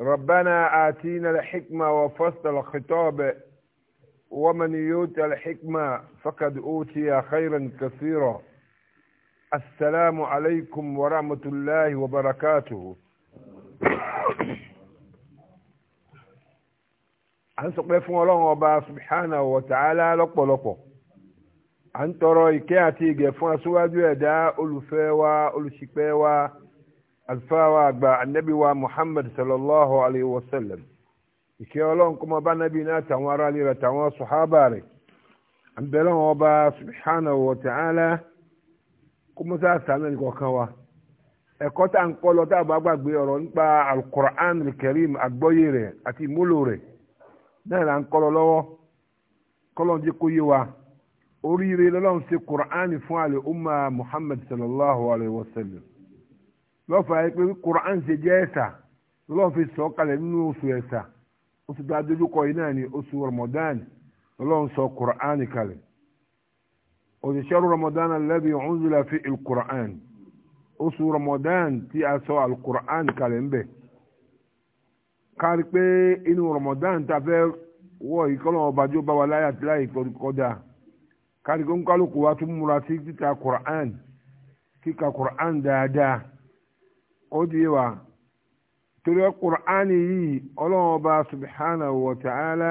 ربنا آتينا الحكمة وفصل الخطاب ومن يؤت الحكمة فقد أوتي خيرا كثيرا السلام عليكم ورحمة الله وبركاته à ń sọpẹ́ fún ọlọ́run ọba subhanahu wa ta'ala lọ́pọ̀lọpọ̀ à ń tọrọ ìkẹ́ àti ìgẹ̀ fún aṣíwájú ẹ̀dá olùfẹ́ wa olùṣìpẹ̀ wa alfawa àgbà anabi wa muhammad sallallahu alayhi wa sallam ìkẹ́ ọlọ́run kó máa bá nábì náà tàwọn ará lè ra tàwọn sùhábà rẹ̀ àbẹ̀lẹ̀ wọn bá subhanahu wa ta'ala kó mọ́ sáà sàánà ní kọ̀ọ̀kan wa ẹ̀kọ́ tá à ń kọ́ lọ tá a bá gbàgbé ọ̀rọ̀ nípa alukur'an karim àgbọ́yé rẹ̀ àti ìmúlò rẹ̀ náà là ń kọ́ lọ lọ́wọ́ kọ́lọ́n jẹ́ kó umma muhammad sallallahu alayhi wa lọ́fà yìí pé Quran ṣe jẹ́ ẹ̀sà lọ́wọ́ fi sọ kalẹ̀ nínú oṣù ẹ̀sà oṣù tó adójúkọ yìí náà ni oṣù Ramadan lọ́wọ́ sọ Quran kalẹ̀ oṣù ṣẹ́rù Ramadan alladhi unzila fi al-Quran oṣù Ramadan tí a sọ al-Quran kalẹ̀ ń bẹ̀ kárí pé inú Ramadan tá fẹ́ wọ ìkọlọ̀ ọbàjọ́ bá wa láyà àti kọjá kárí pé ń wa tún múra sí kíka Quran kíka Quran dáadáa ó di wa torí Kùránì yìí ọlọ́run ọba subhanahu wa ta'ala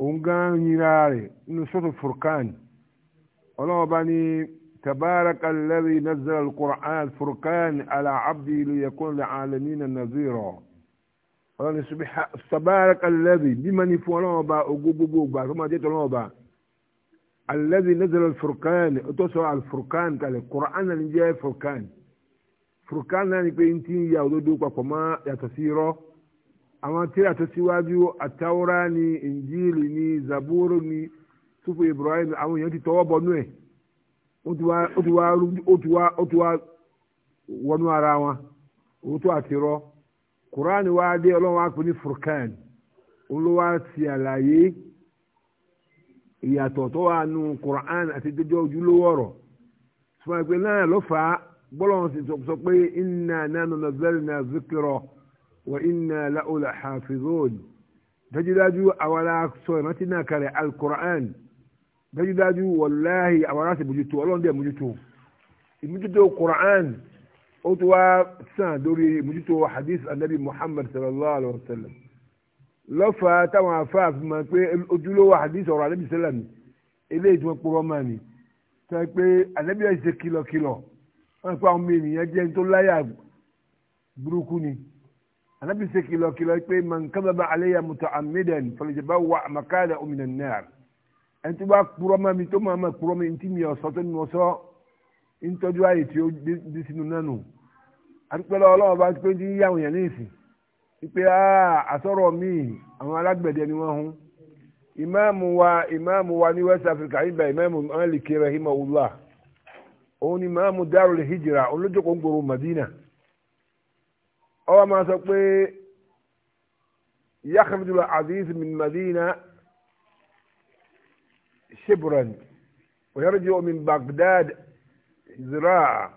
òun gan yìnyínra rẹ̀ nínú sọ́tò furkan ọlọ́run ọba ní تبارك الذي نزل القرآن فرقان على عبده ليكون للعالمين نذيرا ọlọ́run subhanahu tabaraka alladhi mímọ́ ní fún ọlọ́run ọba ogó gbogbo ògbà tó máa jẹ́ tọ́lọ́run ọba alladhi nazala alfurkan tó sọ alfurkan kalẹ̀ quran ni furkan náà ni pé n ya òdodo papọ̀ mọ́ yàtọ̀ sí irọ́ àwọn tíra tó síwájú àtàwọ́rá ni injili ni zaburo ni sufu ibrahim àwọn èèyàn ti tọwọ́ bọnú ẹ̀ ó ti wá ó ti wá ó ti wá wọnú ara wọn òótọ́ àti irọ́ kuraani wá dé ọlọ́run wá pè ní furkan olówó ti àlàyé ìyàtọ̀ tó wà nù kuraani àti déjọ́ ojúlówó ọ̀rọ̀ sọ ma pé náà ló fà á bọ́lọ́run sì sọ pé inna nanu nazzalna zikra wa inna lahu lahafizun dájúdájú àwọn aláṣọ ìrántí náà kalẹ̀ alukur'an dájúdájú wàláhì àwọn aláṣẹ bójútó ọlọ́run dẹ̀ bójútó ìmójútó kur'an ó ti wá sàn lórí ìmójútó hadith anabi muhammad sallallahu alayhi wa sallam lọ́fà táwọn afáàfin máa pé ojúlówó hadith ọ̀rọ̀ anabi sallam eléyìí tí wọ́n pọ̀ wọ́n máa ní sọ pé anabi ẹ̀ ṣe kìlọ̀kìlọ̀ wọ́n pe àwọn ènìyàn jẹ́ tó láyà burúkú ni anabi ṣe kìlọ̀kìlọ̀ pé man kadhaba alayya muta'ammidan falyatabawa' maq'adahu minan nar ẹni tó bá kúrọ́ mọ́ mi tó máa ma kúrọ́ mi ntí mi ọ̀sọ́ tó nu ọ̀sọ́ ntọ́jú ayé tí ó di sínú náà nù àtúpẹ́lẹ́ ọlọ́wọ́ bá pé ní yàwùn yẹn ní ìsìn pípé àsọ̀rọ̀ àwọn alágbẹ̀dẹ ni wọ́n hún ìmáàmù wa ìmáàmù wa ní West Africa ibà ìmáàmù Málìkì rahimahullah òun ni màámu dárò lè hijira olójókòó ń gbòòrò Madina ọwọ́ máa sọ pé yaxamdu aziz min Madina shibran ويرجع من بغداد زراعة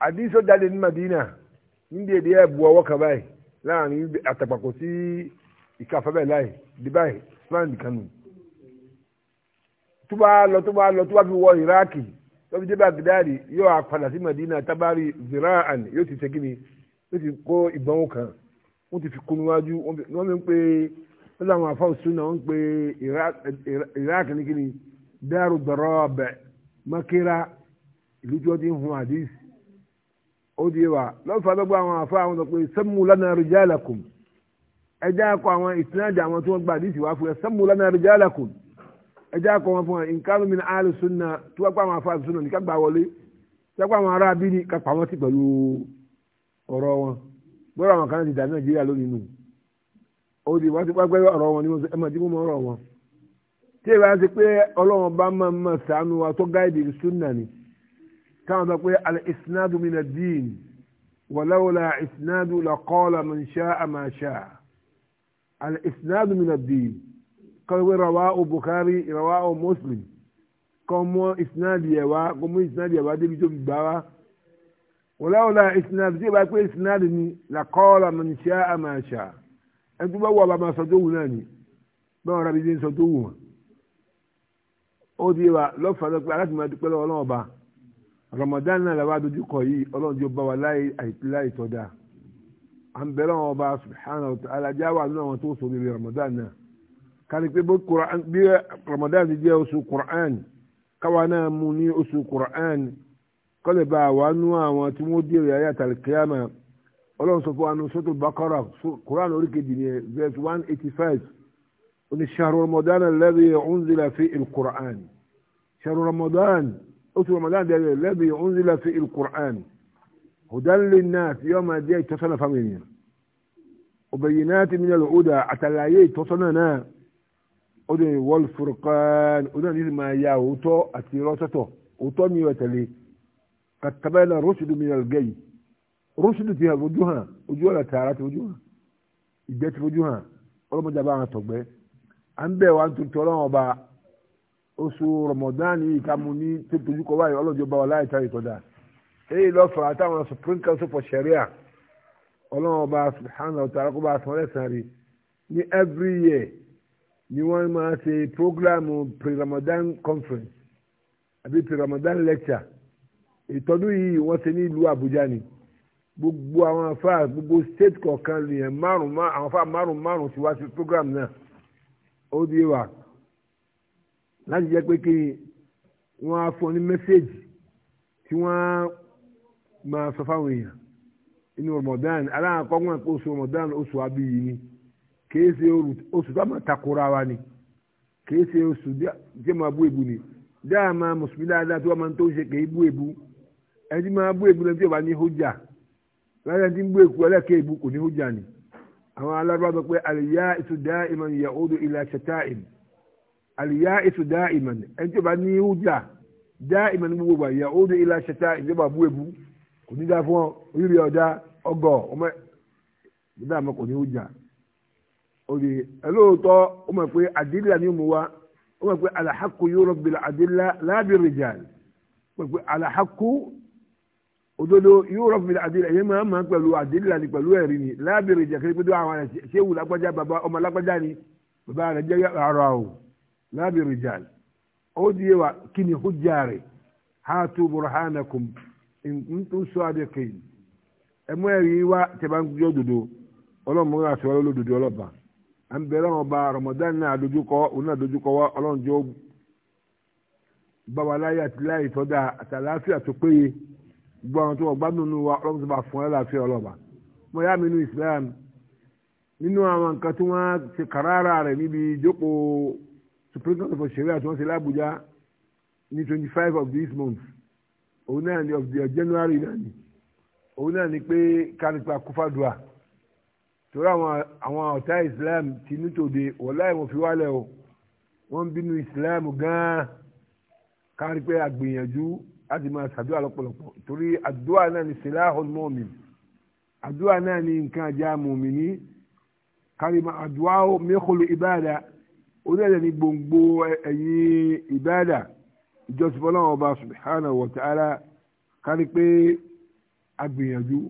حديث دال المدينة من دي دي أبوا وكباي لا يعني أتبقوتي ìkàfẹ́ bẹ́ẹ̀ láì dubai island kanu tó bá lọ tó bá lọ tó bá fi wọ iraki tó fi dé bagdadi yóò àpàdà sí madina tabari ziraan yóò ti ṣe kíni yóò ti kó ìbọn kan wọ́n ti fi kó níwájú wọ́n mi ń pè é láwọn afáwọn sunna wọ́n ń pè iraq ní kíni dáàrú dọ̀rọ̀ọ̀bẹ makera ìlú tí wọ́n ti ń hun hadith ó di wa lọ́fà lọ́gbà àwọn afá àwọn sọ pé sammu lana rijalakum ẹjẹ́ akọ àwọn ìsinadì àwọn tí wọ́n gba hadith wá fún ẹ sammu lana rijalakum ẹjẹ́ akọ wọn fún wa nǹkan mi ní àlù sunna tí wọ́n pa àwọn afáàlù sunna ní kágbà wọlé tí wọ́n pa àwọn ará bí ní kápá wọn ti pẹ̀lú ọ̀rọ̀ wọn gbọ́dọ̀ àwọn kan ti dà nàìjíríà lónìí nù ó di wọ́n ti pẹ́ pẹ́ ọ̀rọ̀ wọn ni wọ́n sọ ẹ̀ mọ̀ tí mo ọ̀rọ̀ wọn tí ìwà ti pé ọlọ́run bá máa ma sànù wa tó gáìdì sunna ni táwọn sọ pé al isnadu min ad-din wàláwòlá isnadu la qala man sha'a ma sha'a al isnadu kọ́wé rawahu Bukhari rawahu Muslim kọ́ mọ́ ìsinádìí ẹ̀ wá kọ́ mọ́ ìsinádìí ẹ̀ wá débi tó fi gbà wá wòláwòlá ìsinádìí tí ìbá pé ìsinádìí ni làkọ́ọ̀lá man sha'a ma sha'a ẹni tó bá wù ọba máa sọ tó wù náà ni báwọn rabi ti ń sọ tó wù wọn. ó di wa lọ́fàá lọ́pẹ́ aláti máa dúpẹ́ lọ́wọ́ ọba Ramadan náà làwọn adójú yìí ọlọ́run tó bá wa láì kárí pé bí Ramadan ti jẹ́ oṣù Qur'an káwa náà mú ní oṣù Qur'an kọ́lẹ̀ bá wà nú àwọn tí wọ́n dèrè ayé àtàlùkíyàmà ọlọ́run sọ fún wa ní sọ́tò Baqara Qur'an orí kejì ní verse one eighty five oní shahru Ramadan alladhi unzila fi il-Qur'an shahru Ramadan oṣù Ramadan dẹ̀rẹ̀ alladhi unzila fi il hudan linnas yóò máa jẹ́ ìtọ́sọ́nà fáwọn ènìyàn òbẹ̀yìn náà ti mílíọ̀nù ó dẹ̀ wọ́l furqan ó náà nílùú máa ya òótọ́ àti irọ́ sọ́tọ̀ òótọ́ mi ò tẹ̀lé kàtàbẹ́lá rọ́ṣùdù mi nàlẹ́ gẹ̀yì rọ́ṣùdù ti hàn fojú hàn ojú ọ̀la tààrà ti fojú hàn ìgbẹ́ ti fojú hàn ọlọ́mọdé àbá àwọn tọ̀gbẹ́ à ń bẹ̀ wá ń tuntun ọlọ́run ọba oṣù rọmọdánì ìkàmù ní tó tojú kọ báyìí ọlọ́jọ́ bá wa láì tá ìtọ́jà èyí lọ fà á táwọn supreme council for sharia ọlọ́run ọba subhanahu wa ta'ala kó bá a sọ every year ni wọ́n máa ṣe programu pre-Ramadan conference àbí pre-Ramadan lecture ìtọ́dún yìí wọ́n ṣe ní ìlú Àbújá ni gbogbo àwọn afáà gbogbo state kọ̀ọ̀kan lèèyàn márùn àwọn afáà márùn márùn ti wá sí program náà ó di wa láti jẹ́ pé kí wọ́n á fún ọ ní mẹ́sẹ̀gì tí wọ́n á máa sọ fáwọn èèyàn inú Ramadan aláǹkọ́gbọ̀n pé oṣù Ramadan oṣù abiyì ni kìí ṣe oṣù tó máa takora wa ni kìí ṣe oṣù tí máa bú èbú ni dáa máa mùsùlùmí dáadáa tó máa tó ń ṣe kìí bú èbú ẹni tí máa bú èbú lẹ́nu tí ò bá ní hójà láti ẹni tí ń bú èkú ẹlẹ́kẹ́ èbú kò ní hójà ni àwọn alárúbá sọ pé àlìyá ìtúdá ìmọ̀ ìyà odò ilẹ̀ ṣẹta ìmọ̀ àlìyá ìtúdá ìmọ̀ ẹni tí ò bá ní hójà dá ìmọ̀ ní gbogbo ìyà odò ilẹ̀ ṣẹta ìjọba bú èbú kò ní òde ẹlòótọ́ ó mọ̀ pé àdìlà ni mo wá ó mọ̀ pé alahaku yóò bil àdìlà láàbì rìjàl ó mọ̀ pé alahaku òdodo yóò rọ̀ bil àdìlà èyí máa máa pẹ̀lú àdìlà ni pẹ̀lú ẹ̀rí ni láàbì rìjàl kí ni pé tó àwọn ṣéwù lágbájá bàbá ọmọ lágbájá ni bàbá rẹ̀ jẹ́ ara o láàbì rìjàl ó di yé wa kí ni hujja rẹ̀ hàtú burhanakum ntum sadiqin ẹ̀mú ẹ̀rí wa tẹ̀ bá ń gbé òdodo ọlọ́mọ àti ọlọ́lọ́dodo ọlọ́ba à ń bẹ̀rẹ̀ wọn ba Ramadan náà dojúkọ òun náà dojúkọ wa ọlọ́run jọ báwa láyé àti láyé tọ́jà àti àlàáfíà tó péye gbogbo àwọn tó wọ́n gbádùn nínú wa ọlọ́run tó bá fún ẹ láàfin ọlọ́ba mo yá mi nínú Islam nínú àwọn nǹkan tí wọ́n ṣe kàràrà rẹ̀ níbi ìjókòó Supreme Court of Sharia tí wọ́n ṣe lábújá ní twenty five of this month òun náà ni of the January náà ni òun náà ni pé kánípa kúfàdùà torí àwọn ọ̀tá islam ti nítòde wọ́láì wọ́n fi wálẹ̀ o wọ́n bínú islam gan-an kárí pé àgbìyànjú láti máa ṣàdúrà lọ́pọ̀lọpọ̀ torí àdúrà náà ni silahul mu'min àdúrà náà ni nǹkan ajá mùmìnì kárí ma àdúrà mẹ́kọlù ìbáàdà onílẹ̀ ní gbòǹgbò ẹ̀yìn ìbáàdà ìjọsìn fọlọ́wọ́n ọba subhanahu wa ta'ala kárí pé àgbìyànjú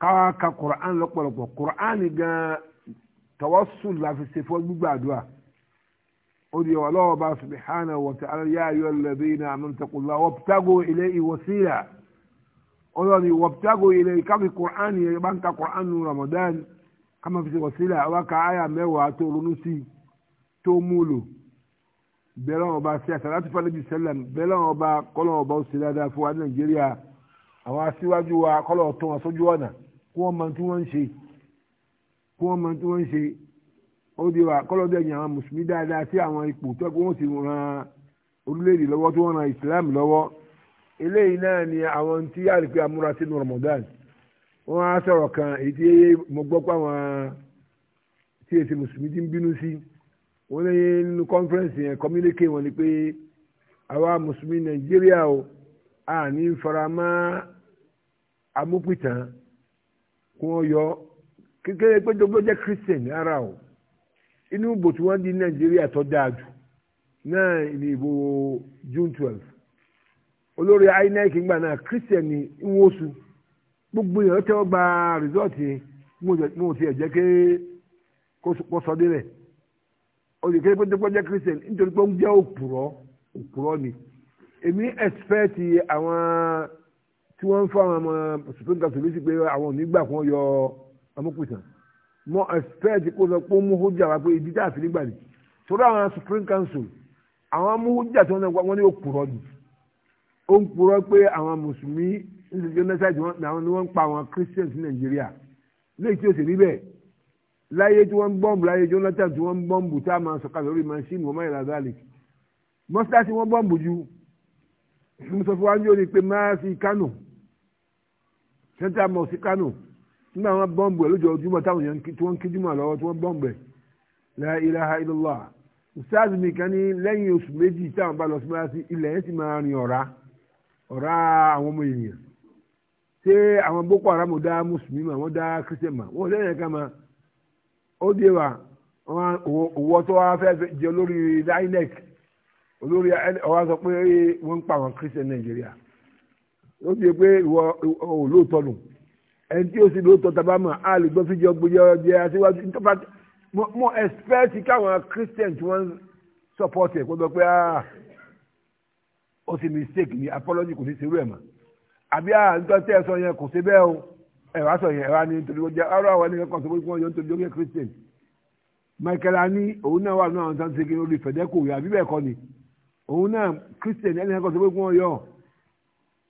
káwá ka Qur'an lọ́pọ̀lọpọ̀ Qur'an gan tawassul la fi ṣe fún gbígbàdúrà ó di ọlọ́wọ́ bá subhanahu wa ta'ala ya ayyuhal ladhina amanu taqullaha wabtagu ilayhi wasila ọlọ́ni wabtagu ilayhi káfi Qur'an yẹn bá ń ka Qur'an nu Ramadan kama fi ṣe wasila wá ka àyà mẹ́wàá tó ronú sí tó múlò bẹ́ẹ̀ lọ́wọ́ bá ṣe àṣàlátú fanabi sẹ́lẹ̀m bẹ́ẹ̀ lọ́wọ́ bá kọ́lọ́wọ́ bá ó ṣe dáadáa fún wa ní Nàìjíríà àwọn aṣíwájú wa kọ́lọ́wọ́ tó wọn sójú ọ̀nà kí wọ́n mọ tí wọ́n ń ṣe kí wọ́n mọ tí wọ́n ń ṣe ó di wa kọ́lọ́dọ̀ ẹ̀yìn àwọn mùsùlùmí dáadáa sí àwọn ipò tó kí sì ran orílẹ̀-èdè tó wọ́n ran Islam lọ́wọ́ eléyìí náà ni àwọn tí àlùkò amúra sínú Ramadan wọ́n á sọ̀rọ̀ kan èyí tí mo gbọ́ pé àwọn tí èsì mùsùlùmí ti ń bínú sí wọ́n lé nínú kọ́nfẹ́rẹ́nsì yẹn kọ́mílékè wọn ni pé àwa mùsùlùmí Nàìjíríà o à faramá amúpìtàn kó wọ́n yọ kékeré pé gbogbo jẹ́ christian ara o inú ìbò tí di nàìjíríà tó dáa jù náà ní ìbò june twelve olórí inec gbà náà christian oṣù gbogbo èèyàn tẹ́wọ́ gba rìsọ́ọ̀tì mo ti ẹ̀ jẹ́ ké kó sọ délẹ̀ christian nítorí pé ó ń tí wọ́n ń fọ àwọn ọmọ supreme council lé sí pé àwọn onígbà kan yọ amúkùtàn mọ expect kó sọ pé ó mú hójà wá pé ìdí tá a fi nígbà ni torí àwọn supreme council àwọn amúhójà tí wọ́n náà wọ́n ní ó kúrọ́ ni ó ń kúrọ́ pé àwọn mùsùlùmí ń ṣe genocide àwọn ni wọ́n ń pa àwọn christians ní nàìjíríà lẹ́yìn tí ó sì rí bẹ́ẹ̀ láyé tí wọ́n ń bọ́ǹbù láyé Jonathan tí wọ́n ń bọ́ǹbù tá a máa sọ̀ka lórí machine wọ́n máa yàrá garlic mọ́sítà tí wọ́n bọ́ǹbù ju mo sọ fún wa ní òní pé máa fi kánò central mosque Kano nígbà wọn bọ́ǹbù ẹ̀ lójoojúmọ́ táwọn èèyàn tí wọ́n ń kí lọ́wọ́ tí wọ́n bọ́ǹbù ẹ̀ la ilaha illallah ustaz mi kan ní lẹ́yìn oṣù méjì táwọn bá lọ sí máa sí ilẹ̀ yẹn sì máa rin ọ̀rá ọ̀rá àwọn ọmọ èèyàn ṣé àwọn boko haram dá mùsùlùmí mà wọ́n dá kírísítẹ̀ mà wọ́n lẹ́yìn ká ma ó dé wa òwò tó wá fẹ́ jẹ olórí inec olórí ọwọ́ ó ti yẹ pé ìwọ olóòótọ́ nù ẹni tí ó sì lóòótọ́ tàbá mọ̀ á lè gbọ́ fíjọ gbójọ jẹ aṣíwájú nípa mo expect káwọn Christian tí wọ́n support ẹ̀ kó sọ pé ah, ó sì mistake ni apology kò ní ṣerú ẹ̀ mọ́ àbí àǹtọ́ ah, tẹ́ ẹ sọ yẹn kò ṣe bẹ́ẹ̀ o ẹ̀rọ aṣọ yẹn ẹ̀rọ ni nítorí ó jẹ́ ọ̀rọ̀ àwọn ènìyàn kan sọ pé yọ nítorí ó Christian Michael ani òun náà wà nínú àwọn tó ń ṣe kí n lórí fẹ̀dẹ́kù rẹ̀ àbí bẹ́ẹ̀ kọ́ ni òun náà Christian ẹni kan sọ pé yọ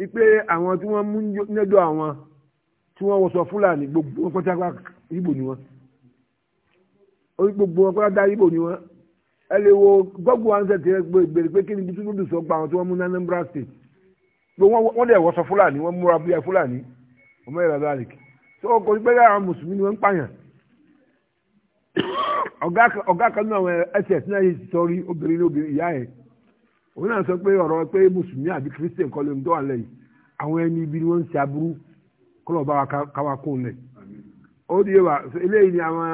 ipe àwọn tí wọ́n mú nẹ́dọ̀ àwọn tí wọ́n wọṣọ fúlàní gbogbo wọn pátápá ibo ni wọn orí gbogbo wọn pátápá ibo ni wọn ẹ lè wo gọ́gù ansẹ̀ tí ẹ gbèrè pé kí ni bí túnú dùsọ̀ gba àwọn tí wọ́n mú ní Anambra state pé wọ́n dẹ̀ wọṣọ fúlàní wọ́n múra bíi fúlàní ọmọ ìlà dalek tó o kò ní àwọn mùsùlùmí ni wọ́n ń pààyàn ọ̀gá kan náà ẹ̀sẹ̀ tí náà yìí sọ obìnrin ní obìnrin ìyá yẹn òun náà sọ pé ọ̀rọ̀ pé mùsùlùmí àbí kristian kọ́ ló ń dọ́ àlẹ́ àwọn ẹni ibi ni wọ́n ń ṣe aburú kọ́ lọ́ọ́ bá wa káwa kún lẹ̀. ó di wa eléyìí ni àwọn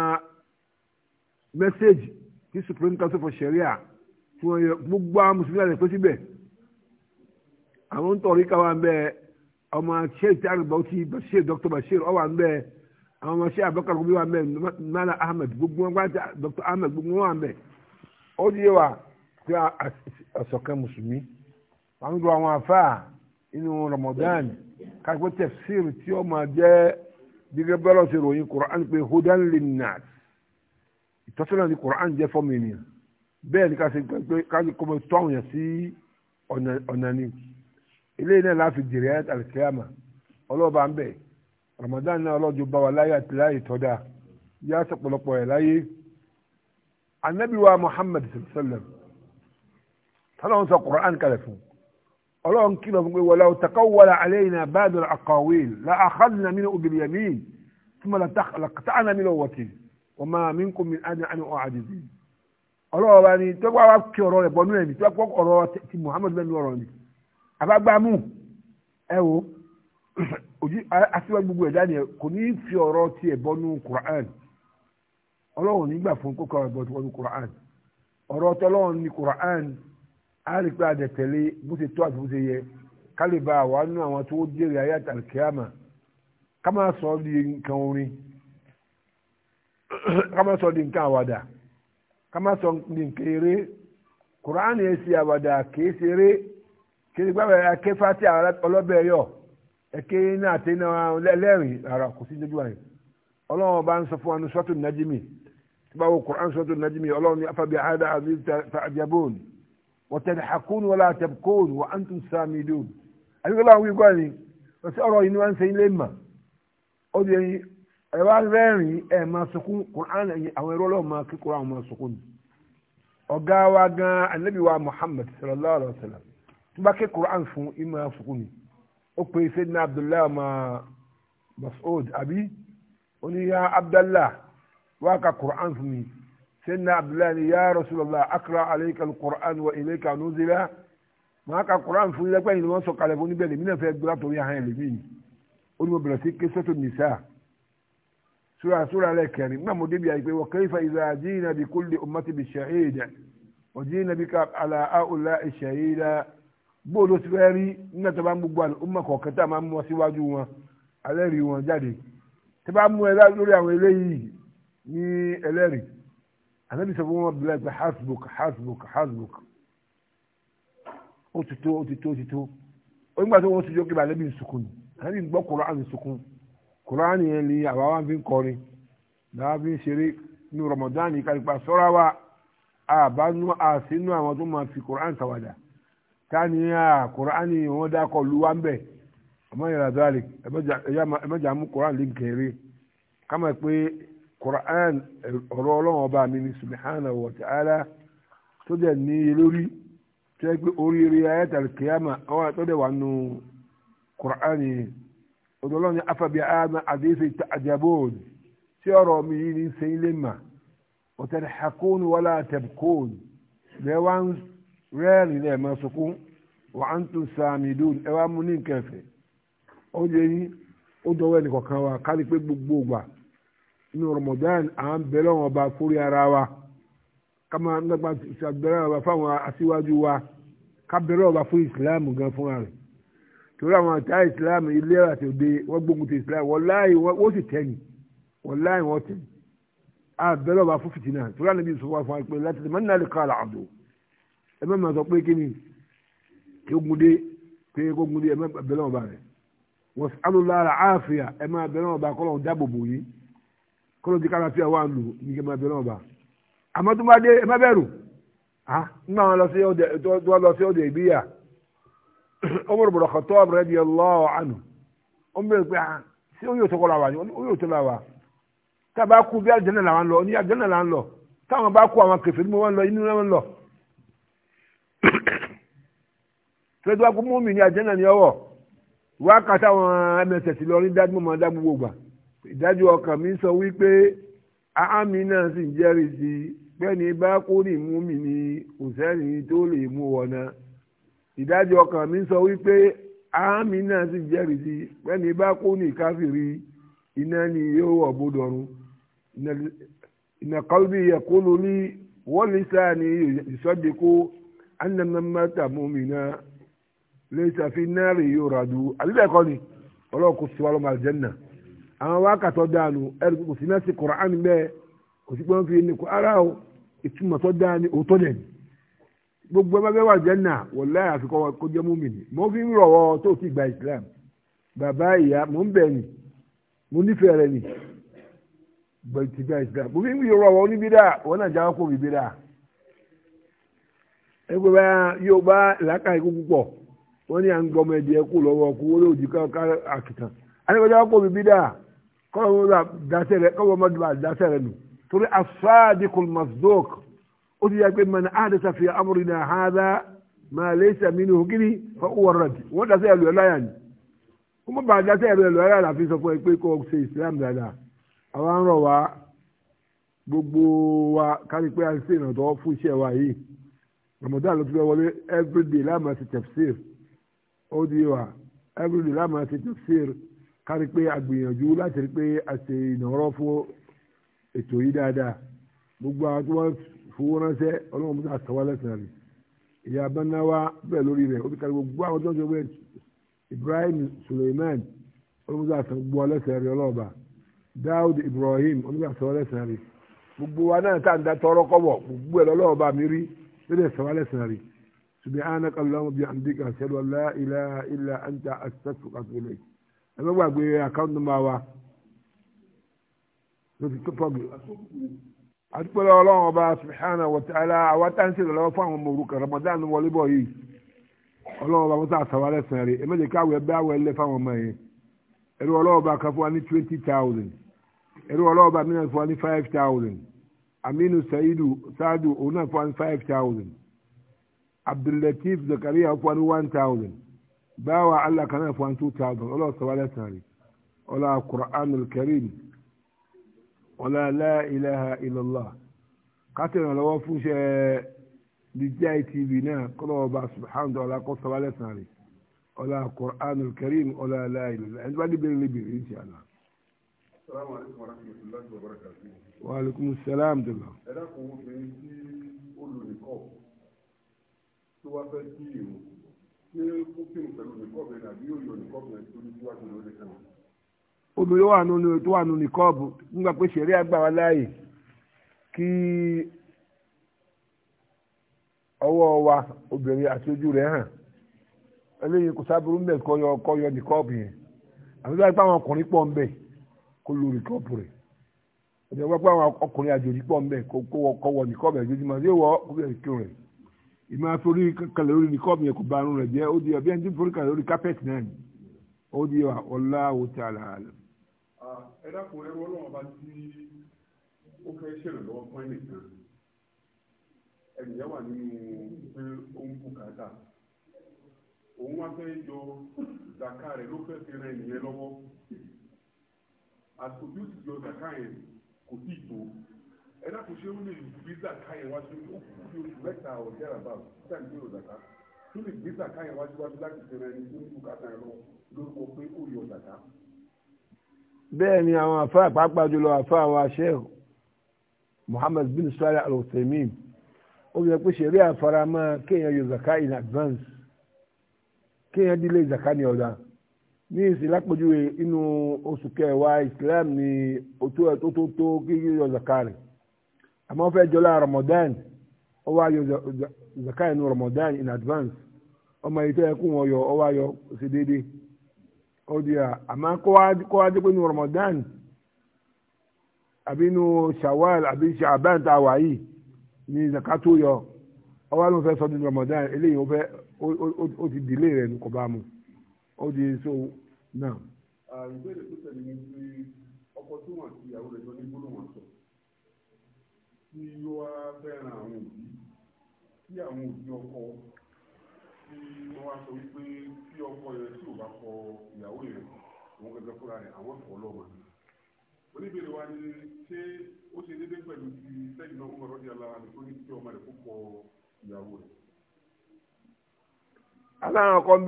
mẹ́sẹ̀gì tí supreme council for sharia tí wọ́n yọ gbogbo àwọn mùsùlùmí àlẹ́ pé síbẹ̀ àwọn ń tọ̀rí káwa ń bẹ ọmọ sheikh tí àgbà bashir dr bashir ọwà ń bẹ àwọn ọmọ sheikh abubakar gbogbo wa ń bẹ nana ahmed gbogbo wọn gbà dr ahmed gbogbo wọn wà ń bẹ ó di wa pé ọ̀sọ̀kan mùsùlùmí wọn ń lo àwọn afáà inú Ramadan kápẹ́ tafsir tí ó máa jẹ́ gẹ́gẹ́ bẹ́ẹ̀ lọ́sẹ̀ ròyìn Qur'an pé hudan linnas ìtọ́sọ́nà ni Qur'an jẹ́ fọ́ọ̀mù ènìyàn bẹ́ẹ̀ ni káṣí kọ́mọ tó yẹn sí ọ̀nà eléyìí náà láti jèrè ayat alikiyama ọlọ́ọ̀bá ń bẹ̀ Ramadan náà ọlọ́jọ́ bá wa láyé àti láyé tọ́da yá sọ̀pọ̀lọpọ̀ ẹ̀ láyé anabiwa Muhammad sallallahu alayhi wa sallam tọ́lọ́run sọ Qur'an kalẹ̀ fún ọlọ́run kìlọ̀ fún pé walau taqawwala alayna ba'du al-aqawil la akhadna minhu bil-yamin thumma laqata'na minhu al-watin wa ma minkum min ahadin anhu hajizin ọlọ́run bá ní tó bá wà kí ọ̀rọ̀ rẹ̀ bọ́nú ẹ̀mí tó bá kọ́ ọ̀rọ̀ ti Muhammad bẹ́ẹ̀ ní ọ̀rọ̀ ni àbágbámú ẹ wo ojú aṣíwájú gbogbo ẹ̀dá ni kò ní fi ọ̀rọ̀ tiẹ̀ bọ́nú Qur'an ọlọ́run nígbà fún kókò ọ̀rọ̀ bọ́nú Qur'an ọ̀rọ̀ tọ́lọ́run ní Qur'an a rí pé a dẹ̀ tẹ̀lé bó ṣe tó àti bó ṣe yẹ ká lè ba àwa nínú àwọn tó jèrè ayé àtàlùkíyàmà ká má sọ ọ́ di nǹkan orin ká má sọ ọ́ di nǹkan àwàdà ká má sọ di nǹkan eré kùránì ẹ̀ ṣe àwàdà kìí ṣe eré kìí gbàgbé ẹ̀kẹ́ fati ọlọ́bẹ̀ yọ ẹ̀kẹ́ náà àti náà lẹ́rìn ara kò sí dojú àyè ọlọ́run bá ń sọ fún wa ní sọ́tò nàjímì tí báwo kùránì sọ́tò nàjímì ọlọ́run ní وتضحكون ولا تبكون وأنتم سامدون أيوة الله يقول لي بس أرى إنه أنسى لما أقول يعني ẹwà rẹ́rìn ẹ̀ máa sunkún Qur'an àwọn ẹ̀rọ ọlọ́run máa kí Qur'an máa sunkún ọ̀gá wa gan anabi wa Muhammad sallallahu alayhi wa sallam tó bá kí Qur'an fún ìmọ̀ sunkún ó pè é sẹ́dínà Abdullahi ọmọ Mas'ud àbí ó ní ya Abdallah wá ka Qur'an fún mi سيدنا عبد الله يا رسول الله اقرا عليك القران واليك نزل máa ka koran fún ilé pẹ́yìn ni wọ́n sọ kalẹ̀ fún níbẹ̀ lèmi náà fẹ́ gbé látọ̀rí ahọ́n ẹlẹ́mìí ó ní mo bẹ̀rẹ̀ sí ké sọ́tò nìsá sura sura lẹ́ kẹrin nígbà mo débi àyè pé wa kayfa idha ji'na bi kulli ummati bi shahid wa ji'na bika ala ha'ula'i shahida bóòdó ti fẹ́ rí nígbà tó bá ń gbogbo àná ọmọ kọ̀ọ̀kan tá a máa mú wọn síwájú wọn alẹ́ rí wọn jáde tó bá mú ẹ lórí àwọn eléyìí ní ẹlẹ́rìí ànábì sọ fún Abdullahi pé hasbuk hasbuk hasbuk ó ti tó ó ti tó ó ti tó ó nígbà tó wọ́n ti jókè bá ànábì sukùn ànábì gbọ́ kùránì sukùn kùránì yẹn ni àwa wá fi ń kọrin làwa fi ń ṣeré ní Ramadan yìí kárí pa sọ́ra wa àbánú àsínú àwọn tó máa fi kùránì sàwádà táni à kùránì wọn dákọ̀ lu wa ń bẹ̀ ọmọ yàrá dálẹ̀ ẹ mẹ́jà mú kùránì lè kéré ká pé. Quran ọ̀rọ̀ ọlọ́run ọba mi ni subhanahu wa ta'ala tó dẹ̀ ní lórí tẹ́ pé oríire ayatul kiyama àwọn àtọ́dẹ̀ wà nù Quran yìí ọ̀dọ́lọ́run ní afabi ama àdéhìí ta'jabun tí ọ̀rọ̀ mi yìí ní sẹ́yìn lè mà ọ̀tẹ̀lẹ̀ hakun wala tabkun lẹ́wà ń rẹ́rìn lẹ́ẹ̀ máa sunkún wà á ń tún sàmìdún ẹ wá mú ní nkẹfẹ́ ó lè ní ó dọwọ́ ẹnì kọ̀ọ̀kan wa ká pé gbogbo ògbà ní Ramadan à ń bẹ̀rẹ̀ wọn ọba fúri ara wa kama nígbà ìṣàgbẹ̀rẹ̀ ọba fáwọn aṣíwájú wa ká bẹ̀rẹ̀ ọba fún Islam gan fúnra rẹ̀ torí àwọn àtà Islam ilé àti òde wọ́n gbógun ti Islam wàláhì wọ́n sì tẹ̀yìn wàláhì wọ́n tẹ̀yìn à bẹ̀rẹ̀ ọba fún fìtínà torí àná bí sọ wá fún wa pé láti ṣe mọ́nà lè kọ́ àlà àbò ẹ bẹ́ẹ̀ máa sọ pé kí ni kí ó gun dé pé kó gun dé ẹ bẹ́ẹ̀ ọba rẹ̀ wọ́n sálọ lára àáfíà ẹ máa bẹ̀rẹ̀ ọba kọ́ kó ló di kára fi àwọn àlù ní kí n máa bẹ náà bá àmọ́ tó bá dé ẹ má bẹ̀rù nígbà wọn lọ sí ọdẹ tó lọ sí ọdẹ ìbíyà Umar ibn Khattab radiyallahu anhu ó ń bẹ̀rù pé ṣé ó yóò tó kọ́ra wa ni ó yóò tó la wa tá a bá kú bí àjẹ́nà là ń lọ ní àjẹ́nà là ń lọ táwọn bá kú àwọn kẹfẹ́ ní mo lọ inú náà lọ tó tó mú mi ní àjẹ́nà ní ọwọ́ wákàtí àwọn mss lọ rí dájú ìdájọ́ ọkàn mi sọ wípé àmì náà sì ń jẹ́rìí sí pẹ́ni bá kórè mú mi ní kò sẹ́ni tó lè mú wọ̀nà ìdájọ́ ọkàn mi sọ wípé àmì náà sì ń jẹ́rìí sí pẹ́ni bá kórè káfíìrì iná ni yóò wọ̀ bódọ̀rùn ìnàkọ́lùbí ẹ̀kọ́nù ní wọ́n ní sáà ní ìsọ́dẹ̀kọ́ anamọ́ta mọ́mìnà lẹ́sàfin náà rèé yóò ràdú àlùbẹ̀kọ́ ni ọlọ́kùnrin wa lọ́mọ àlùjẹ́ náà àwọn wákàtọ́ dànù ẹ̀rù kò sí náà Kùránì bẹ́ẹ̀ kò sí pé ní kó ara o ìtumọ̀ tó dáa ni òótọ́ dẹ̀ ni gbogbo ẹ bá fẹ́ wà jẹ́nà wọ̀láyà àfikọ́ kó jẹ́ múmìnì mo fi ń rọ̀wọ́ tó ti gba Islam bàbá ìyá mo ń bẹ̀ ni mo nífẹ̀ẹ́ rẹ ni ti gba Islam mo fi ń rọ̀wọ́ oníbídà wọn náà jáwọ́ kó bìbídà ẹ pé bá yóò bá làákà ikú púpọ̀ wọ́n ní à ń gbọmọ ẹ̀dì ẹ̀kú lọ́wọ́ kó wọlé òjì ká àkìtàn àti kọjá kó bìbídà kọ́wọ́ mọ́dúnbà dáṣẹ́ rẹ̀ nù torí asáàdìkùn masdok ó ti yà pé mọ̀nà àdìsá fi amúrinà hádà máa lè sàmì ní ògiri fọwọ́ rẹ̀ wọ́n dáṣẹ́ ẹ̀lú ẹ̀ láyà ni ó mọ̀ bá dáṣẹ́ ẹ̀lú ẹ̀lú ẹ̀lá àfi sọ fún ẹ pé kó ṣe Islam dáadáa àwa ń rọ̀ gbogbo wa kárí pé a ṣe ìrànlọ́wọ́ fún iṣẹ́ wa yìí Ramadan ló ti fẹ́ wọlé everyday láàmú àti tafsir ó di wa everyday láàmú àti tafsir kárí pé agbìyànjú láti rí pé a ṣe ìnáwó fún ètò yìí dáadáa gbogbo àwọn tí wọ́n fowó ránṣẹ́ ọlọ́run mú àtàwọn lẹ́sìn rẹ̀ ìyá abánáwá bẹ́ẹ̀ lórí rẹ̀ ó ti kárí gbogbo àwọn tó ń ṣe wẹ́ Ibrahim Suleiman ọlọ́run mú àtàwọn lẹ́sìn rẹ̀ ọlọ́ọ̀bà Dawud Ibrahim ọlọ́run mú àtàwọn lẹ́sìn rẹ̀ gbogbo wa náà tá à ń da tọrọ kọ́bọ̀ gbogbo ẹ̀ lọ́lọ́ọ̀bà mi rí lórí àtàwọn lẹ́sìn rẹ̀ subhanaka Allahumma bihamdika ashhadu an la ilaha illa anta astaghfiruka wa atubu ilayk ẹ bá gbàgbé account number wa lórí tó pọ̀gì. àtúpọ̀lọ́ ọlọ́run ọba subhanahu wa ta'ala àwa tá ń ṣèlú lọ́wọ́ fún àwọn ọmọ òrukàn Ramadan wọlé bọ̀ yìí ọlọ́run ọba musa àtàwálẹ̀ sàn rè èmi lè káwé ẹ bá wọ ẹlẹ́ fáwọn ọmọ yẹn ẹrú ọlọ́run ọba kan fún wa ní twenty thousand ẹrú ọlọ́run ọba mìíràn fún wa ní five thousand aminu sayidu saadu òun náà fún wa ní five thousand abdulateef zakaria fún wa ní one thousand báwa Allah kan náà fún two thousand ọlọ́wọ́ sọ wálé sàárè ọlọ́wọ́ Qur'anul Karim ọlọ́wọ́ la ilaha illallah kátẹ́ ìrànlọ́wọ́ fún ṣe DJI TV náà kọ́lọ́wọ́ bá subhanahu wa ta'ala kọ́ sọ wálé sàárè ọlọ́wọ́ Qur'anul Karim ọlọ́wọ́ la ilaha illallah ẹni tó bá dé bẹ́ẹ̀ lè bèrè insha Allah. Assalamu alaikum warahmatullahi wabarakatuh. Wa alaikum assalam dùlọ. ẹ dákun obìnrin tí ó lò ní kọ́ tó wá fẹ́ kí ìrùn ṣé ó kírun pẹ̀lú nìkọ́ọ̀bù àbí yóò yọ nìkọ́ọ̀bù ẹ̀ tó ní síwájú ló lè kàn. olùyọ́ wà nínú tó wà nínú nìkọ́ọ̀bù nígbà pé ṣẹ̀rí àgbà wa láàyè kí ọwọ́ wa obìnrin àti ojú rẹ̀ hàn eléyìí kò sábúrú mbẹ kọyọ kọyọ nìkọ́ọ̀bù yẹn àbí báyìí pé àwọn ọkùnrin pọ̀ mbẹ kó lo nìkọ́ọ̀bù rẹ̀ ọjọ́ wọ́n pé àwọn ọkùnrin àjòjì pọ̀ mbẹ kó wọ nìkọ́ọ̀bù àjòjì máa yóò wọ́ kó bẹ̀rẹ̀ kírun rẹ̀ ìmọ̀ àforí kalẹ̀ lórí ní kọ́ọ̀mù yẹn kò bá irun rẹ̀ jẹ́ ó di ọ̀bí ẹni tí forí kalẹ̀ lórí kápẹ́tì náà ni ó di wallahu ta'ala alam. ẹ dákun ẹrú ọlọ́run bá ti ó fẹ́ ṣèrànlọ́wọ́ fún ẹnìkan ẹnìyẹn wà nínú pé ó ń bùkátà òun wá fẹ́ yọ zaka rẹ̀ ló fẹ́ fi ran ẹnìyẹn lọ́wọ́ àtòjú ti yọ zaka yẹn kò tí ì tó ẹ náà kò ṣe ó lè gbé zaka wájú ó kú bí oṣù mẹ́ta ọ̀ yára bá ọ̀sán ìgbé ọ̀dàká tó lè gbé zaka wájú wájú láti fẹ́rẹ̀ ẹni tó ní bùkátà yẹn lọ lórúkọ pé ó yọ ọ̀dàká. bẹ́ẹ̀ ni àwọn àfa pàápàá jùlọ àfa wa sheikh Muhammad bin Salih al-Uthaymin ó yẹ pé ṣeré àfaramọ́ kéèyàn yọ zaka in advance kéèyàn dílé zaka ní ọ̀dà ní ìsìlápọ̀jù inú oṣù kẹwàá Islam ni ó tó tó kí yíyọ zaka rẹ̀ àmọ́ fẹ́ jọlá Ramadan ó wá yọ zakat inú Ramadan in advance ọmọ yìí tó yẹ kún wọn yọ ó wá yọ sí déédéé ó di à àmọ́ kó wá dé pé inú Ramadan àbí inú Shawwal àbí Sha'ban tá a wà yìí ni zakat tó yọ ó wá lóun fẹ́ sọ nínú Ramadan eléyìí ó fẹ́ ó ti dìlé rẹ̀ kò bá mu ó di so náà. ìbéèrè tó tẹ̀lé ni pé ọkọ tó wà sí ìyàwó rẹ̀ jọ ní gbólóhùn àtọ̀ tí ó wá fẹ́ràn àwọn òbí tí àwọn òbí ọkọ tí wọ́n wá sọ wípé tí ọkọ yẹn tí ò bá kọ ìyàwó yẹn àwọn gẹ́gẹ́ fúnra rẹ̀ àwọn ẹ̀fọ́ lọ́mọ. oníbèrè wa ni ṣé ó ṣe déédéé pẹ̀lú ti sẹ́yìn náà ó mọ̀ lọ́dí alára ni tó ní kí ọmọ rẹ̀ kó kọ ìyàwó rẹ̀. aláwọn ọkọ ń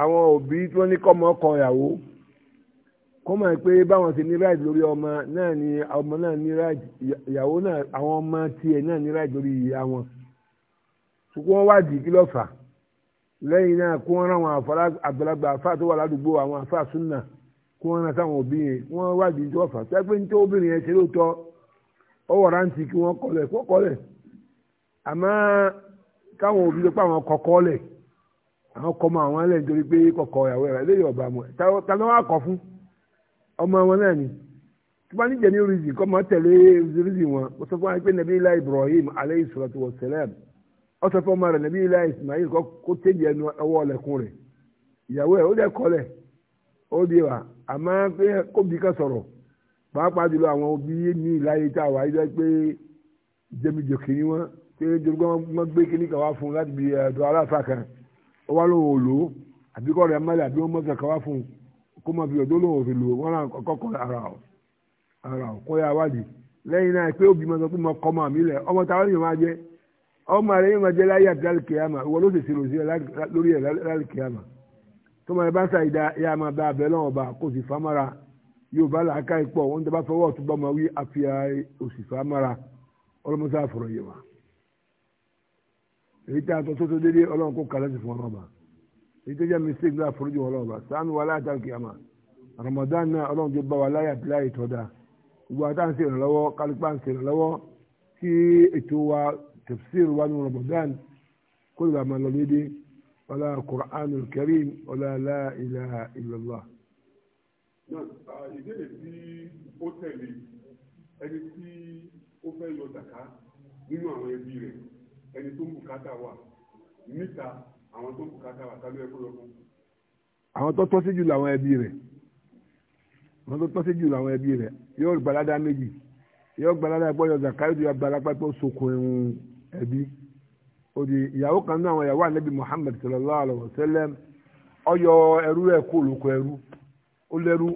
àwọn òbí tó ní kọ́mọ ọkọ ìyàwó kó mọ̀ pé báwọn ṣe ní right lórí ọmọ náà ni ọmọ náà ní right ìyàwó náà àwọn ọmọ tiẹ̀ náà ní right lórí ìyá wọn ṣùgbọ́n wọ́n wádìí kí ló fà lẹ́yìn náà kó wọ́n ráwọn àgbàlagbà àfáà tó wà ládùúgbò àwọn àfáà súnà kó wọ́n rán sáwọn òbí yẹn kí wọ́n wádìí tó fà tó pé nítorí obìnrin yẹn ṣe lóòótọ́ ó wọ̀ rántí kí wọ́n kọlẹ̀ kó kọlẹ̀ àmọ́ káwọn òbí ọmọ wọn náà ni tí wọ́n ní jẹ́ ní rizin kọ́ máa tẹ̀lé rizin wọn ó sọ fún wa pé nàbí ilá Ibrahim aleyhi salatu wa salam ó sọ fún ọmọ rẹ̀ nàbí ilá Ismail kọ́ kó tẹ̀lé ẹnu ọwọ́ ọlẹ́kùn rẹ̀ ìyàwó ẹ̀ ó dẹ̀ kọ́lẹ̀ ó di wa àmọ́ pé kó bí ká sọ̀rọ̀ pàápàá jùlọ àwọn òbí ní ìláyé tá a wà yí pé jẹmijòkè ni wọn pé jọgbọ́n wọn gbé kíní kan wá fún un láti bí ẹ̀dọ́ aláfa kan ó wá lóun lò ó àbíkọ́ rẹ̀ mọ́lẹ̀ àbí wọ́n mọ́tò kó máa fi ọjọ́ lóhùn fi lò wọ́n náà kọ́kọ́ ara ọ̀ ara ọ̀ kó yá wádìí lẹ́yìn náà pé òbí máa sọ pé mo kọ́ máa mi lẹ̀ ọmọ táwọn èèyàn máa jẹ́ ọmọ rẹ̀ yóò máa jẹ́ láyé àti láti kìyàmà ìwọ ló sì ṣèrò sí ẹ lórí ẹ láti kìyàmà tó máa bá ṣàì da ya máa bá abẹ́ lọ́wọ́ bá kó sì fámára yóò bá làákà ìpọ̀ wọn tó bá fọwọ́ ọ̀tún bá máa wí àfihàn òsì fámára ọlọ́mọsáfọ̀rọ̀ yẹ̀wà èyí tá a tọ́ sótó déédéé ọlọ́run kó kalẹ́ sí fún ọlọ́run ìtẹ́jẹ́ mistake náà foríjì wọn lọ́wọ́ sànù wa láyà tàbí kìyàmà Ramadan náà ọlọ́run tó bá wa láyà bí láyà tó dáa gbogbo àtà ń ṣe ìrànlọ́wọ́ kálípà ń ṣe ìrànlọ́wọ́ kí ètò wa tafsir wa ní Ramadan kó lè máa lọ dédé ọlá Qur'anul Karim ọlá la ilaha illallah. ìbéèrè tí ó tẹ̀lé ẹni tí ó fẹ́ yọ dàkà nínú àwọn ẹbí rẹ̀ ẹni tó ń bùkátà wà níta àwọn tó bùkátà wà tálú ẹkú lọ àwọn tó tọ́sí sí jù làwọn ẹbí rẹ̀ àwọn tó jù làwọn ẹbí rẹ̀ yóò gbalada méjì yóò gbalada ẹgbọ́n yọ zakari yóò gbalada tó ó ẹ̀hún ẹbí di ìyàwó kan náà àwọn ìyàwó ànábì Muhammad ọyọ ẹrú ẹrú ó lẹrú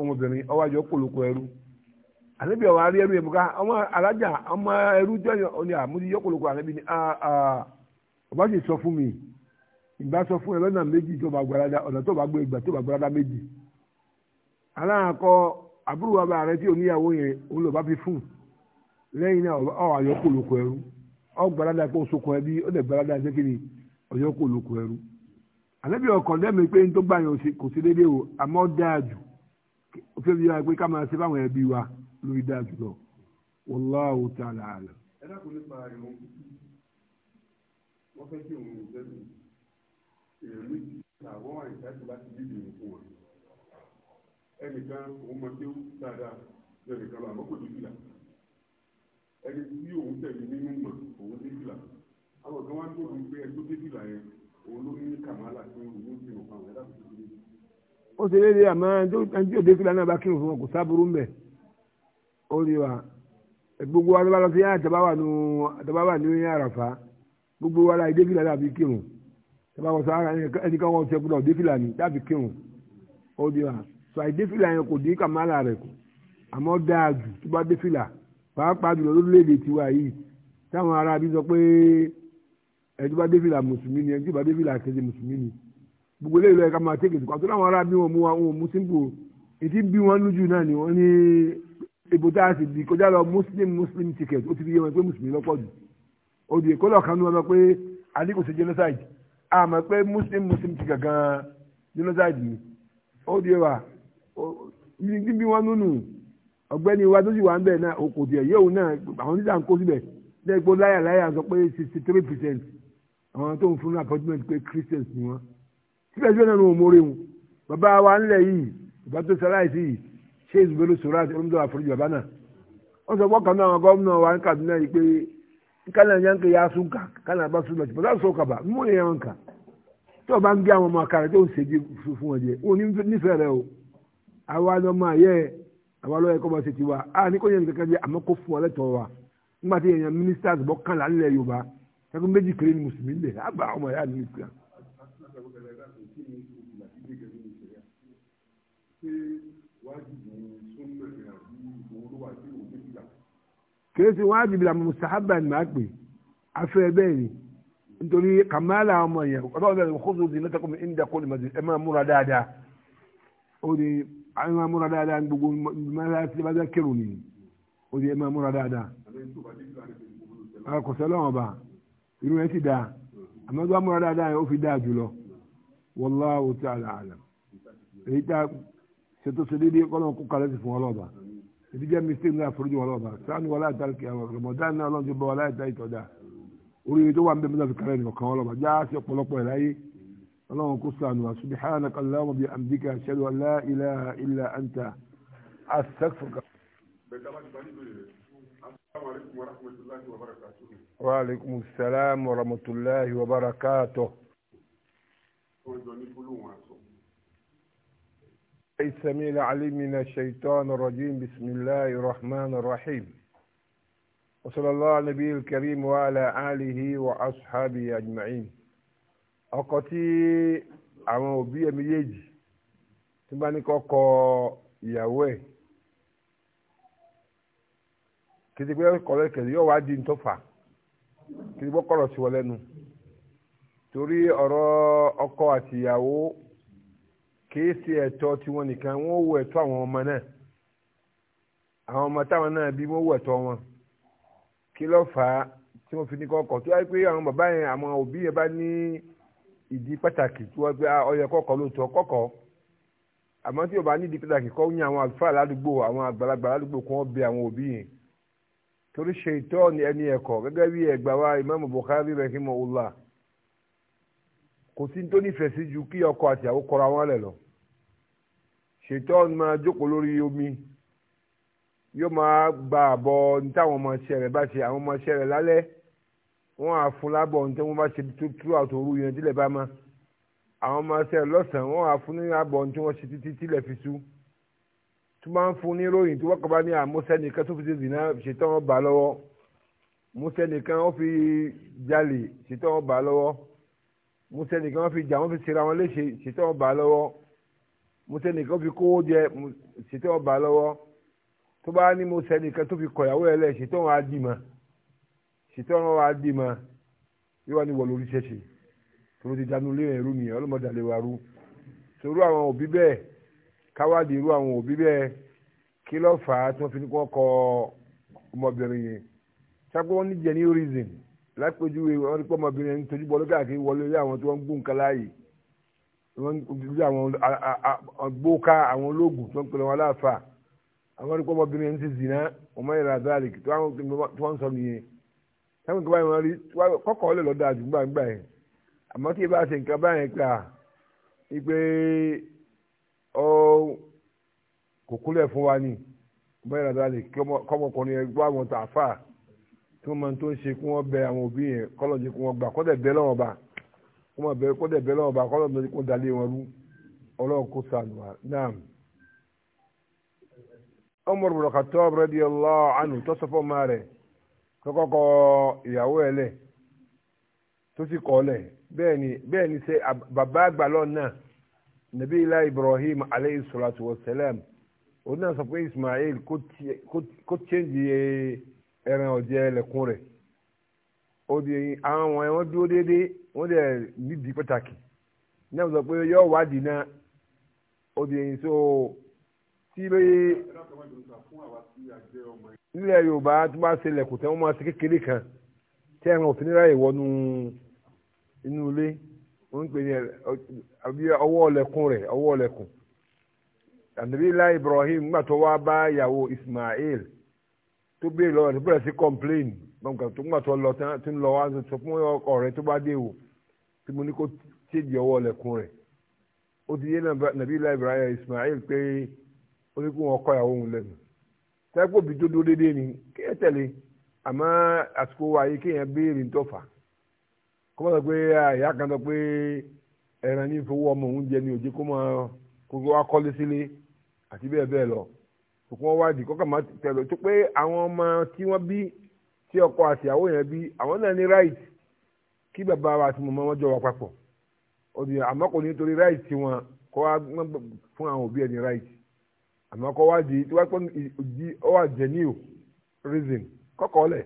ọmọbìnrin ọwájọ ẹrú ọwọ arí ẹrú yẹn ọmọ alájà ọmọ ẹrú ọ ní ni ọba ah, ah. sì sọ fún mi. ìgbà sọ fún ẹ lọ́nà méjì tó bá gbalada ọ̀nà tó bá gbé ìgbà tó bá gbalada méjì aláàkọ àbúrò bàbá rẹ tí oníyàwó yẹn òun ló bá fi fún lẹ́yìn náà ọ̀ àyọkù lóko ẹrú ọ̀ gbalada pé oṣù kan ẹbí ó lè gbalada ṣé kíni ọ̀yọkù lóko ẹrú àlẹ́bí ọkàn lẹ́mi pé tó gbà yẹn kò sí déédéé o àmọ́ dáa jù òfin mi yára pé ká máa ṣe fáwọn ẹbí wa lórí dáa jù lọ wallahu ta'ala. ẹ dákun nípa ìròyìn wọ́n fẹ́ kí òun ò èèyàn méjì àwọn àìsàn tó bá ti dìde fún wọn ẹnìkan òun mọ kéwú dáadáa lẹ́nìkan lọ àmọ́ kò ní fìlà ẹni tí òun tẹ̀lé nínú mọ̀ òun ní fìlà àwọn kan wá ń dòdò pé ẹni tó dé fìlà yẹn òun ló ní kàmálà tí òun yóò fi hàn àwọn ẹ̀dá tó ti dé. ó ṣe léde àmọ́ ẹni tí òde fìlà náà bá kírun fún wọn kò sábúrú mbẹ̀ ó rí wa gbogbo wa lọ sí yàrá àtàbáwà ní àràfà gbogbo wa la ìdé fìlà kírun tẹ́lá wọ sàárà ah, ẹni kan wọ́n ti ẹgbẹ́ ọ̀dẹ́ fìlà ní láti kírun ó di wa sọ àìdé fìlà yẹn kò dín kàmálà rẹ̀ kù àmọ́ dáa jù tó bá dé fìlà pàápàá jùlọ lórílẹ̀‐èdè tiwa yìí táwọn ará bí sọ pé ẹni tó bá dé fìlà mùsùlùmí ni ẹni tó bá dé kejì mùsùlùmí ni gbogbo eléyìí lọ́yẹ̀ká máa tẹ́kẹ̀ tó kàtó láwọn ará bí wọn mú wa wọn mú símbò ètí bí wọn lójú náà ni wọn ní èbò tá a sì di kọjá lọ muslim muslim ticket ó ti fi yé wọn pé mùsùlùmí lọ́pọ̀ jù ó di èkó lọ́ọ̀kan ní wọn lọ pé adé kò genocide àmọ́ pé muslim muslim ti gàgán genocide ni ó di wa níbi wọn nínú ọ̀gbẹ́ni wa tó sì wà ń bẹ̀ náà okò tiẹ̀ yóò náà àwọn oníṣà ń kó síbẹ̀ lẹ́gbọ́ láyà láyà sọ pé sixty three percent àwọn tó ń fún appointment pé christians ni wọ́n síbẹ̀síbẹ̀ náà ló ń mórí wọn bàbá wa ńlẹ̀ yìí bàbá tó sáláìsì yìí ṣé ìzùbẹ́lú sọ̀rọ̀ àti olùdó àforíjì bàbá náà wọ́n sọ fọ́ọ̀kan náà àwọn gómìnà wa ní Kaduna yìí pé kana yanka ya sunka kana ba su ba za su sauka ba mu ne yawanka tó o bá ń gbé àwọn ọmọ akara tó ń ṣèjì fún wọn jẹ o ní nífẹ̀ẹ́ rẹ o àwa lọ máa yẹ àwa lọ yẹ kọ́ bá ṣe tiwa a ní kò yẹn nìkan kan jẹ àmọ́ kó fún ọ lẹ́tọ̀ọ́ wa nígbà tí èèyàn ministers bọ́ kan là nílẹ̀ Yorùbá ẹgbẹ́ méjì kéré ni mùsùlùmí lẹ̀ àbá ọmọ ìyá mi nìkan. wájú ni súnmọ́ ìrìn àbí ìfowórówà tí òun méjìlá kèésì wájibì àmọ́ mùsàhábà ni màá pè afẹ́ bẹ́ẹ̀ ni nítorí kàmáàlà ọmọ yẹn ọlọ́run bẹ̀rẹ̀ kó so zina tẹ́kọ̀ọ́ mi ìdá kọ́ni màdì ẹ máa múra dáadáa ó ní ẹ máa múra dáadáa ní gbogbo mọ́sálásí bá dá kérò nìyí ó ní ẹ máa múra dáadáa. àkọsẹ́ lọ́wọ́ bá irú ẹ ti dáa àmọ́ tó bá múra dáadáa yẹn ó fi dáa jùlọ wallahu ta'ala alam èyí tá ṣètò ṣe déédéé kọ́nà kó kalẹ́ ti fún ọlọ́ba ìdí jẹ́ mistake náà foríjì wọn lọ́ba sani wọlé àtàlùkì àwọn rọmọdán náà lọ́n ti bọ̀ wọlé àtàlùkì ìtọ́jà oríire tó wà ń bẹ mí láti kárẹ́ nìkan ọlọ́ba já sí ọ̀pọ̀lọpọ̀ ẹ̀ láyé ọlọ́run kó sànù wa subhanaka bi amdika ashhadu an la ilaha anta astaghfiruka. wa salaam wa rahmatulahi wa barakatuh. السميع العليم من الشيطان الرجيم بسم الله الرحمن الرحيم وصلى الله على النبي الكريم وعلى آله وأصحابه أجمعين أقتي àwọn òbí ẹ̀ méjèèjì tí bá ní kọ́kọ́ ìyàwó ẹ̀ kìtì pé kọ́lẹ́ kẹ̀lé yóò wá di ntọ́fà kìtì pé kọ́lọ̀ sí wọlé nu torí ọ̀rọ̀ ọkọ àti ìyàwó ka ṣe ẹ̀tọ́ tiwọn nìkan wọ́n wo ẹ̀tọ́ àwọn ọmọ náà àwọn ọmọ táwọn náà bí wọ́n wo ẹ̀tọ́ wọn kí ló fà á tí wọ́n fi ní kọ́kọ́ tó wáyé pé àwọn bàbá yẹn àwọn òbí yẹn bá ní ìdí pàtàkì tí wọ́n gbé ọyọ ah, kọ́kọ́ lóòótọ́ kọ́kọ́ àmọ́ tí yóò ní ìdí pàtàkì kọ́ ní àwọn àlùfáà ládùúgbò àwọn àgbàlagbà ládùúgbò bẹ àwọn òbí yẹn torí ni ẹni ẹ̀kọ́ gẹ́gẹ́ bí ẹgbà wa Imam rahimahullah kò sí ní tó nífẹ̀ẹ́ sí ju kí ọkọ àtìyàwó ṣètọ́n máa jókòó lórí omi yóò máa gba àbọ̀ ní táwọn ọmọ ṣẹ́ rẹ̀ bá ṣe àwọn ọmọ ṣẹ́ rẹ̀ lálẹ́ wọ́n á fún lábọ̀ ní tí wọ́n bá ṣe tútú àtòrú yẹn tílẹ̀ bá ma àwọn ọmọ ṣẹ́ rẹ̀ lọ́sàn-án wọ́n á fún ní àbọ̀ ní tí wọ́n ṣe títí tílẹ̀ fi sú tó máa ń fún ní ròyìn tó wọ́pọ̀ bá ní àmúṣẹ́ nìkan tó fi ṣe zìnà ṣètọ́n bá lọ́wọ́ múṣẹ́ nìkan ó fi jalè ṣètọ́n bá lọ́wọ́ múṣẹ́ nìkan ó fi jà wọ́n fi ṣera wọn léṣe ṣètọ́n bá lọ́wọ́ mo tẹ́ nìkan fi kówó jẹ ṣètò ọba lọ́wọ́ tó bá ní mo sẹ́ nìkan tó fi kọ ìyàwó ẹ̀ lẹ̀ ṣètò wọn á dì mọ́ ṣètò wọn á dì mọ́ yóò wá ní wọ̀ lórí ṣẹ̀ṣẹ̀ tó ti dánú lé ẹ̀rú nìyẹn ọlọ́mọdé àlè wa rú torú àwọn òbí bẹ́ẹ̀ káwádìí irú àwọn òbí bẹ́ẹ̀ kí ló fà á tí wọ́n fi ní kọ́ kọ ọmọbìnrin yẹn sápẹ́ wọ́n ní jẹ́ ní reason lápẹ́jú ọmọbìnrin yẹn ń tojú bọ́ lókè wọlé ilé àwọn tí wọ́n gbó nǹkan láàyè wọ́n bí àwọn agbóka àwọn ológun tó ń pè wọn aláàfà àwọn ní kọ́mọbìnrin ẹni ti zìnà ọmọ ìlà dalek tí wọ́n ń sọ nìyẹn táwọn nǹkan báyìí wọ́n rí kọ́kọ́ lè lọ́dọ̀ àdúgbò àgbà yẹn àmọ́ tí ìbá ṣe nǹkan báyẹn gbà í pé ọ kò kúlẹ̀ fún wa ni ọmọ ìlà dalek kọ́mọkùnrin ẹgbẹ́ àwọn tààfà tí wọ́n máa tó ń ṣe kí wọ́n bẹ àwọn òbí yẹn kọ́lọ́ọ̀jì kó máa bẹ̀rẹ̀ kó dẹ̀ bẹ̀rẹ̀ lọ́wọ́ bá kọ́ lọ́dún kó dalé wọn rú ọlọ́run kó sànù wa náà. Umar ibn Khattab radiyallahu anhu tó sọ fún ọmọ rẹ̀ kọ́kọ́ ìyàwó ẹ̀ lẹ̀ tó sì kọ́ lẹ̀ bẹ́ẹ̀ ni bẹ́ẹ̀ ni ṣe bàbá àgbàlọ́ náà nàbí ilá Ibrahim aleyhi salatu wa salam òun náà sọ pé Ismail kó tiẹ̀ kó tiẹ̀ ń di ẹran ọ̀jẹ̀ lẹ́kùn rẹ̀. obìnrin awọn ọmọ yẹn wọ́n dúró déédéé wọn dẹ nídìí pàtàkì náà sọ pé yọ wádìí náà so tí ló yẹ yorùbá tó bá ṣe máa ṣe kékeré kan tí ẹran òfin níra ìwọ nu inú ilé wọ́n ń pè ní ọwọ́ ọlẹ́kùn Ibrahim nígbà wá bá Ismail tó béèrè tó gbọ̀ngàn tó ń gbà tó lọ tí ń lọ wá sọ fún ọkọ rẹ tó bá dé o tí mo ní kó tèjì ọwọ́ lẹ́kùn rẹ̀ ó ti yé nàbí Ibrahim Ismail pé ó ní kó wọn kọ́ ìyàwó òun lẹ́nu sẹ́kọ̀ bí tó dúró déédéé ni kí ẹ tẹ̀lé àmọ́ àsìkò ayé kéèyàn béèrè ń tọ́fà kó má sọ pé àyà kan sọ pé ẹran ní ìfowó ọmọ òun jẹ ní òjì kó máa kó wá kọ́lé sílé àti bẹ́ẹ̀ bẹ́ẹ̀ lọ òkú wọn wádìí kọ́kà má tẹ̀lé tó pé àwọn ọmọ tí wọ́n bí tí ọkọ àti ìyàwó yẹn bí àwọn náà ní right kí bàbá wa àti màmá wọn jọ wà papọ̀ òdì àmọ́ kò ní torí right tiwọn kọ́ fún àwọn òbí ẹni right àmọ́ kọ́ wa di tí wọ́n pẹ́ di ọ wà genuine reason kọ́kọ́ lẹ̀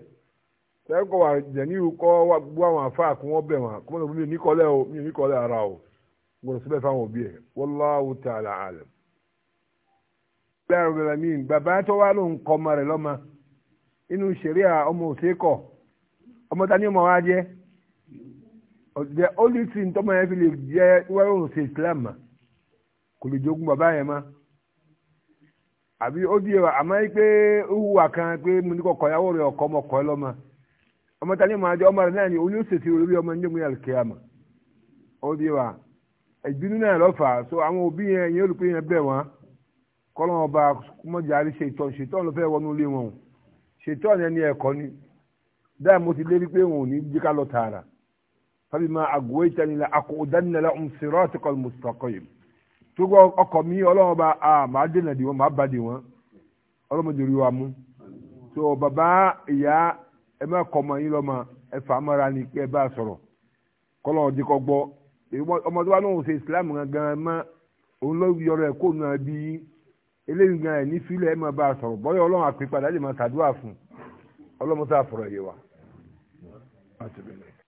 tẹ́lẹ̀ kọ́ wa genuine kọ́ wa gbọ́ àwọn afáà kó wọ́n bẹ̀ wọn kó wọ́n mi ò ní kọ́lẹ̀ o mi ò kọ́lẹ̀ ara o gbọ́dọ̀ síbẹ̀ fáwọn òbí ẹ̀ wallahu ta'ala alam. bẹ́ẹ̀ rẹ̀ mi bàbá tó wá ló ń inú ṣẹ̀ríà ọmọ òṣèkọ̀ ọmọ ta ni ọmọ wa jẹ́ the only thing tọ́mọ yẹn fi lè jẹ́ wẹ́rẹ́ òun ṣe Islam kò lè jogún bàbá yẹn mọ́ àbí ó di ẹwà àmọ́ pé wúwa kan pé mo ní kọkọ yàwó rẹ ọkọ ọmọkọ ẹ lọ́mọ ọmọ tani máa jẹ ọmọ rẹ náà ni olóṣèṣì olórí ọmọ ní ọmọ yàrá kẹyàmọ ó di ẹwà ìbínú náà so àwọn òbí yẹn yẹn yẹn kọlọn ọba àríṣe ló fẹ́ wọnú ṣètọ́ni ẹni ẹ̀kọ́ ni dáa mo ti lérí pé ò ní jí ká lọ tààrà fábí máa àgùwé la tó gbọ́ ọkọ̀ mi bá a máa dènà dì wọ́n máa bá dì wọ́n ọlọ́run jòrì wa mú tó bàbá ìyá ẹ má kọ́ ọmọ yín lọ́mọ ẹ fà á mọ́ra ni pé ẹ bá a sọ̀rọ̀ kọ́lọ́ kọ́ gbọ́ ọmọ tó náà ń ṣe ìsìlámù gangan mọ́ òun yọrọ ẹ̀ kó nù eléyìí gan ẹ̀ ní fílẹ̀ ẹ̀ máa bá a sọ̀rọ̀ bọ́yọ̀ ọlọ́run àpèpadà lè máa tàdúrà fún ọlọ́mọsá àfọ̀rọ̀ yìí wa.